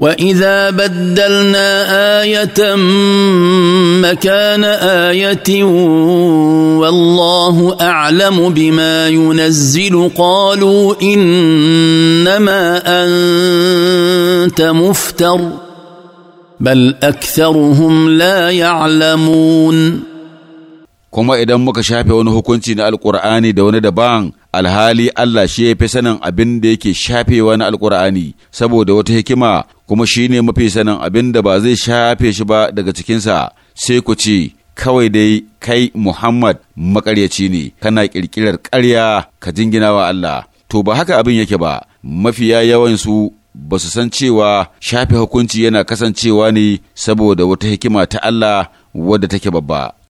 واذا بدلنا ايه مكان ايه والله اعلم بما ينزل قالوا انما انت مفتر بل اكثرهم لا يعلمون kuma idan muka shafe wani hukunci na alkur'ani da wani daban alhali Allah shi ya fi sanin abin da yake shafe wani alkur'ani saboda wata hikima kuma shi ne mafi sanin abin da ba zai shafe shi ba daga cikinsa sai ku ce kawai dai kai Muhammad makaryaci ne kana kirkirar karya ka jingina wa Allah to ba haka abin yake ba mafiya yawansu ba su san cewa shafe hukunci yana kasancewa ne saboda wata hikima ta Allah wadda take babba